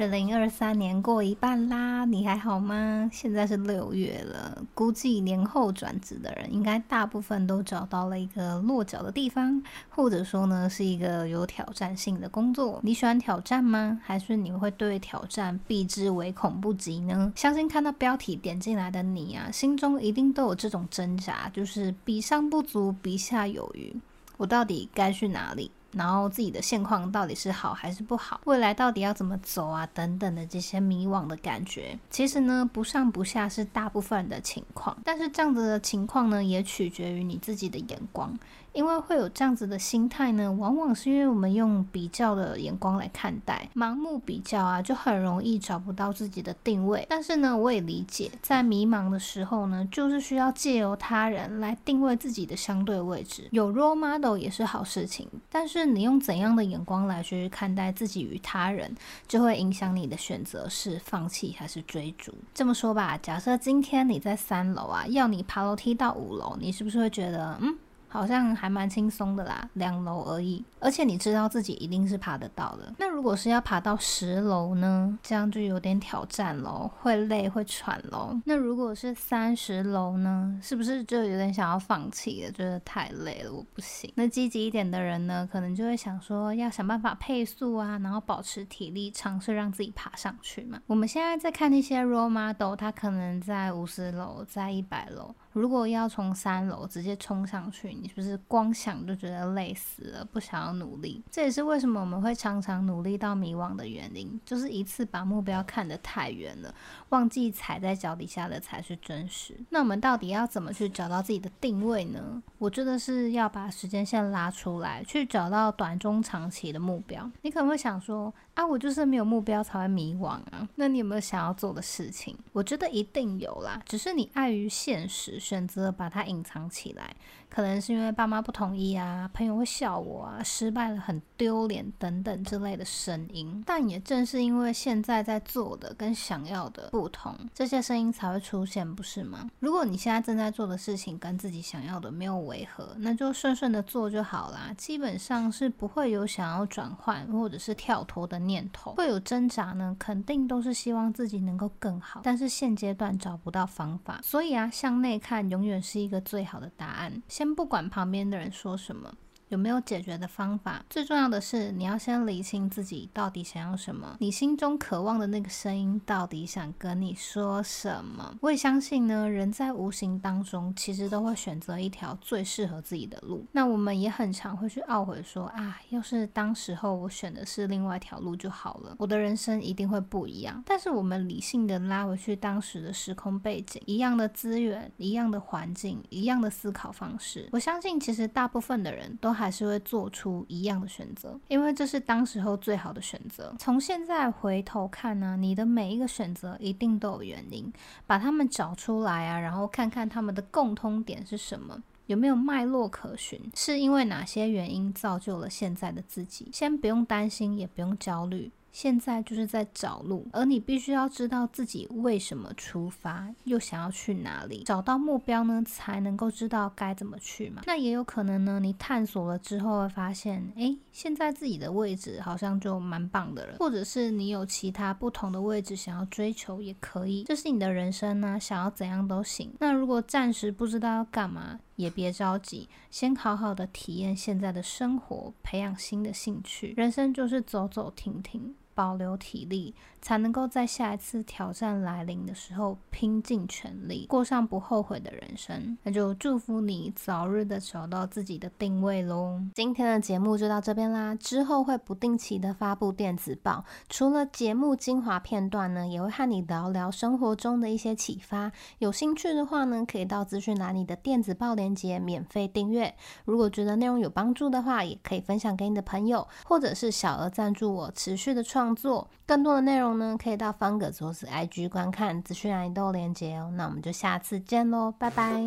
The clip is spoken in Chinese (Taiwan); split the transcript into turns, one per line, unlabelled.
二零二三年過一半啦，你還好嗎？現在是六月了，估計年後轉職的人應該大部分都找到了一個落腳的地方，或者說呢，是一個有挑戰性的工作。你喜歡挑戰嗎？還是你會對挑戰避之唯恐不及呢？相信看到標題點進來的你啊，心中一定都有這種掙扎，就是比上不足，比下有餘。我到底該去哪裡？然後自己的現況到底是好還是不好，未來到底要怎麼走啊？等等的這些迷惘的感覺，其實呢，不上不下是大部分的情況，但是這樣子的情況呢，也取決於你自己的眼光。因為會有這樣子的心態呢，往往是因為我們用比較的眼光來看待，盲目比較啊，就很容易找不到自己的定位。但是呢，我也理解，在迷茫的時候呢，就是需要借由他人來定位自己的相對位置。有 role model 也是好事情，但是你用怎樣的眼光來去看待自己與他人，就會影響你的選擇是放棄還是追逐。這麼說吧，假設今天你在三樓啊，要你爬樓梯到五樓，你是不是會覺得，嗯？好像還蠻輕鬆的啦，兩樓而已。而且你知道自己一定是爬得到的。那如果是要爬到十樓呢？這樣就有點挑戰咯，會累會喘咯。那如果是三十樓呢？是不是就有點想要放棄了？就覺得太累了，我不行。那積極一點的人呢，可能就會想說，要想辦法配速啊，然後保持體力，嘗試讓自己爬上去嘛。我們現在在看那些 role model，他可能在五十樓，在一百樓。如果要從三樓直接衝上去。你是不是光想就覺得累死了，不想要努力？這也是為什麼我們會常常努力到迷惘的原因，就是一次把目標看得太遠了，忘記踩在腳底下的才是真實。那我們到底要怎麼去找到自己的定位呢？我覺得是要把時間線拉出來，去找到短、中、長期的目標。你可能會想說，啊，我就是沒有目標才會迷惘啊。那你有沒有想要做的事情？我覺得一定有啦，只是你礙於現實，選擇把它隱藏起來，可能。是因為爸媽不同意啊，朋友會笑我啊，失敗了很丟臉等等之類的聲音。但也正是因為現在在做的跟想要的不同，這些聲音才會出現，不是嗎？如果你現在正在做的事情跟自己想要的沒有違和，那就順順的做就好啦。基本上是不會有想要轉換或者是跳脫的念頭。會有掙扎呢，肯定都是希望自己能夠更好，但是現階段找不到方法，所以啊，向內看永遠是一個最好的答案。先不管。管旁邊的人說什麼。有沒有解決的方法？最重要的是，你要先理清自己到底想要什麼，你心中渴望的那個聲音到底想跟你說什麼？我也相信呢，人在無形當中其實都會選擇一條最適合自己的路。那我們也很常會去懊悔說：“啊，要是當時候我選的是另外一條路就好了，我的人生一定會不一樣。”但是我們理性的拉回去當時的時空背景，一樣的資源，一樣的環境，一樣的思考方式。我相信，其實大部分的人都。還是會做出一樣的選擇，因為這是當時候最好的選擇。從現在回頭看呢、啊,你的每一個選擇一定都有原因，把他們找出來啊，然後看看他們的共通點是什麼，有沒有脈絡可循，是因為哪些原因造就了現在的自己。先不用擔心，也不用焦慮。現在就是在找路，而你必須要知道自己為什麼出發，又想要去哪裡，找到目標呢，才能夠知道該怎麼去嘛。那也有可能呢，你探索了之後會發現，誒，現在自己的位置好像就蠻棒的了，或者是你有其他不同的位置想要追求也可以，這是你的人生呢、啊，想要怎樣都行。那如果暫時不知道要幹嘛，也別着急，先好好的體驗現在的生活，培養新的興趣。人生就是走走停停。保留體力，才能夠在下一次挑戰來臨的時候拼盡全力，過上不後悔的人生。那就祝福你早日的找到自己的定位嘍。今天的節目就到這邊啦，之後會不定期的發布電子報，除了節目精華片段呢，也會和你聊聊生活中的一些啟發。有興趣的話呢，可以到資訊欄裡的電子報鏈接免費訂閱。如果覺得內容有幫助的話，也可以分享給你的朋友，或者是小額贊助我持續的創。做更多的內容呢，可以到方格子或是 IG 觀看資訊，還有連結哦，喔。那我們就下次見嘍，拜拜。